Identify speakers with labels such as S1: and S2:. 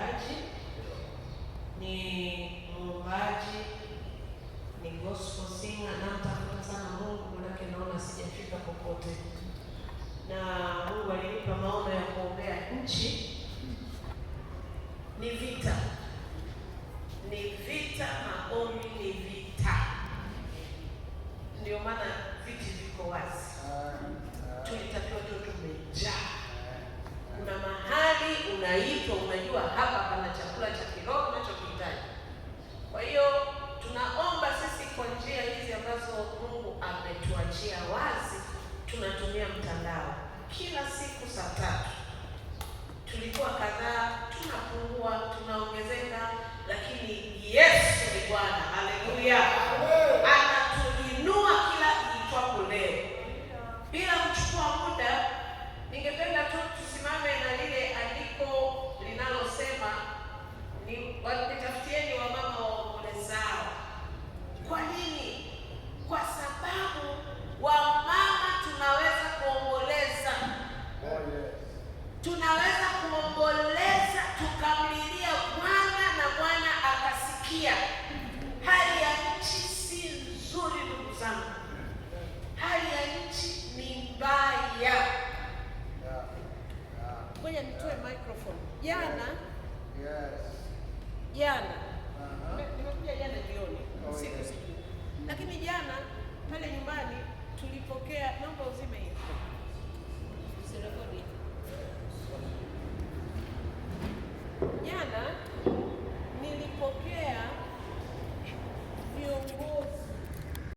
S1: mchungaji, ni mwimbaji, ni gospel singer, na natafuta sana Mungu, manake naona sijafika popote. tunatumia mtandao kila siku saa tatu. Tulikuwa kadhaa, tunapungua, tunaongezeka, lakini Yesu ni Bwana. Haleluya! tukaomboleza, tukamlilia Bwana na Bwana akasikia. Hali ya nchi si nzuri, ndugu zangu, hali ya nchi ni mbaya. Ngoja nitoe microphone. Jana jana nimekuja jana jioni, usiku oh, sijui, lakini jana pale nyumbani tulipokea, naomba uzi 尼娜。